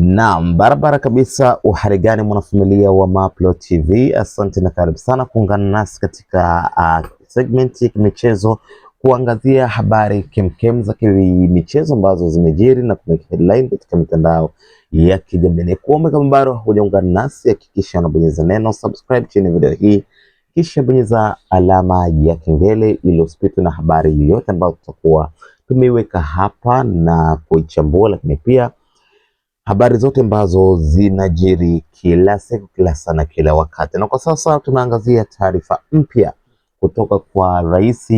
Naam, barabara kabisa. Uhali gani mwanafamilia wa Mapro TV, asante na karibu sana kuungana nasi katika uh, segment ya michezo kuangazia habari kemkem za michezo ambazo zimejiri na kuna headline katika mitandao ya kijamii. Kuombe kama bado hujaungana nasi, hakikisha unabonyeza neno subscribe chini video hii, kisha bonyeza alama ya kengele ili usipitwe na habari yoyote ambayo tutakuwa tumeiweka hapa na kuichambua, lakini pia habari zote ambazo zinajiri kila siku, kila sana, kila wakati. Na kwa sasa tunaangazia taarifa mpya kutoka kwa rais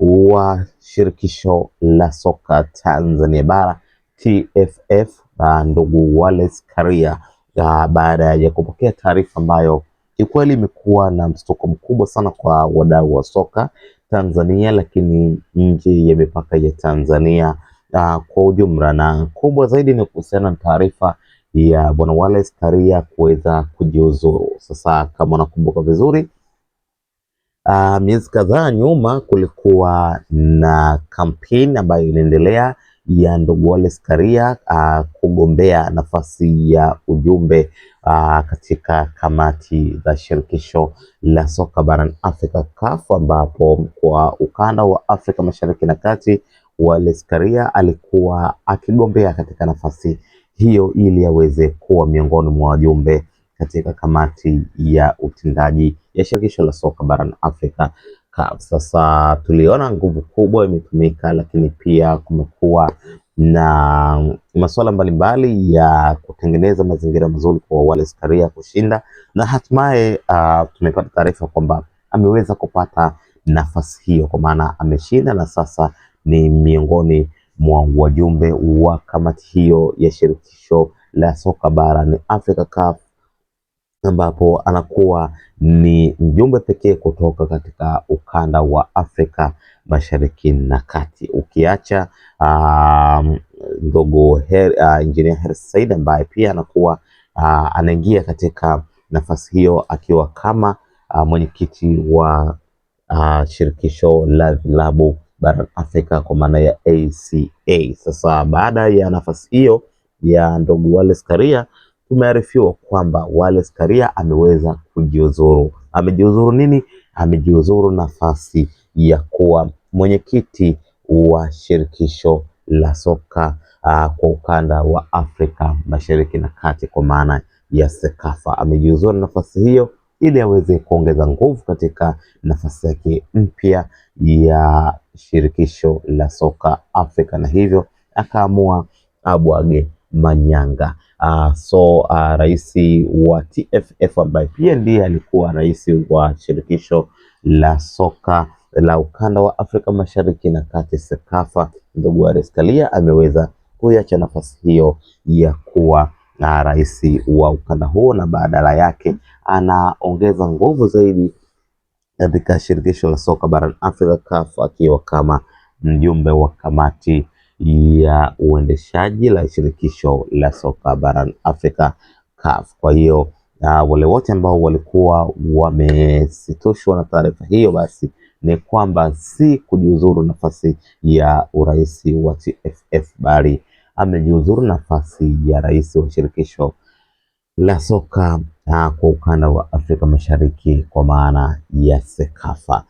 wa shirikisho la soka Tanzania bara TFF, ndugu Wallace Karia baada ya kupokea taarifa ambayo kiukweli imekuwa na mshtuko mkubwa sana kwa wadau wa soka Tanzania, lakini nje ya mipaka ya Tanzania uh, kwa ujumla, na kubwa zaidi ni kuhusiana na taarifa ya bwana Wallace Karia kuweza kujiuzuru. Sasa kama unakumbuka vizuri Uh, miezi kadhaa nyuma kulikuwa na kampeni ambayo inaendelea ya ndugu Wallace Karia uh, ah, kugombea nafasi ya ujumbe uh, katika kamati za shirikisho la soka barani Afrika CAF, ambapo kwa ukanda wa Afrika Mashariki na Kati Wallace Karia alikuwa akigombea katika nafasi hiyo ili aweze kuwa miongoni mwa wajumbe katika kamati ya utendaji ya shirikisho la soka barani Afrika CAF. Sasa tuliona nguvu kubwa imetumika, lakini pia kumekuwa na masuala mbalimbali ya kutengeneza mazingira mazuri kwa Wallace Karia kushinda na hatimaye uh, tumepata taarifa kwamba ameweza kupata nafasi hiyo, kwa maana ameshinda na sasa ni miongoni mwa wajumbe wa kamati hiyo ya shirikisho la soka barani Afrika CAF, ambapo anakuwa ni mjumbe pekee kutoka katika ukanda wa Afrika Mashariki na Kati, ukiacha um, ndugu um, Engineer uh, Hersi Said ambaye pia anakuwa uh, anaingia katika nafasi hiyo akiwa kama uh, mwenyekiti wa uh, shirikisho la vilabu bara Afrika kwa maana ya ACA. Sasa baada ya nafasi hiyo ya ndugu Wallace Karia, tumearifiwa kwamba Wallace Karia ameweza kujiuzuru. Amejiuzuru nini? Amejiuzuru nafasi ya kuwa mwenyekiti wa shirikisho la soka uh, kwa ukanda wa Afrika Mashariki na Kati kwa maana ya Sekafa. Amejiuzuru nafasi hiyo ili aweze kuongeza nguvu katika nafasi yake mpya ya shirikisho la soka Afrika, na hivyo akaamua abwage manyanga. Uh, so uh, rais wa TFF ambaye pia ndiye alikuwa rais wa shirikisho la soka la ukanda wa Afrika Mashariki na Kati Sekafa, ndugu Araskalia ameweza kuiacha nafasi hiyo ya kuwa na ah, rais wa ukanda huo, na badala yake anaongeza nguvu zaidi katika shirikisho la soka barani Afrika CAF akiwa kama mjumbe wa kamati ya uendeshaji la shirikisho la soka barani Afrika CAF. Kwa hiyo uh, wale wote ambao walikuwa wamesitushwa na taarifa hiyo, basi ni kwamba si kujiuzuru nafasi ya urais wa TFF bali amejiuzuru nafasi ya rais wa shirikisho la soka uh, kwa ukanda wa Afrika Mashariki kwa maana ya Sekafa.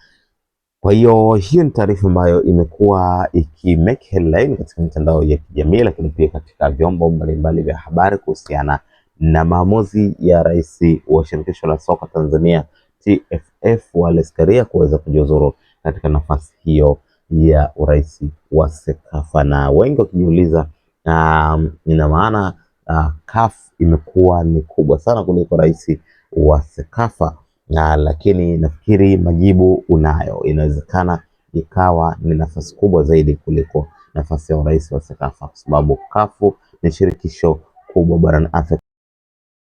Kwa hiyo hiyo ni taarifa ambayo imekuwa iki make headline katika mitandao ya kijamii, lakini pia katika vyombo mbalimbali vya habari kuhusiana na maamuzi ya rais wa shirikisho la soka Tanzania TFF Wallace Karia kuweza kujiuzuru katika nafasi hiyo ya urais wa Sekafa, na wengi wakijiuliza um, ina maana uh, CAF imekuwa ni kubwa sana kuliko rais wa CECAFA na, lakini nafikiri majibu unayo, inawezekana ikawa ni nafasi kubwa zaidi kuliko nafasi ya urais wa CECAFA kwa sababu CAF ni shirikisho kubwa barani Afrika.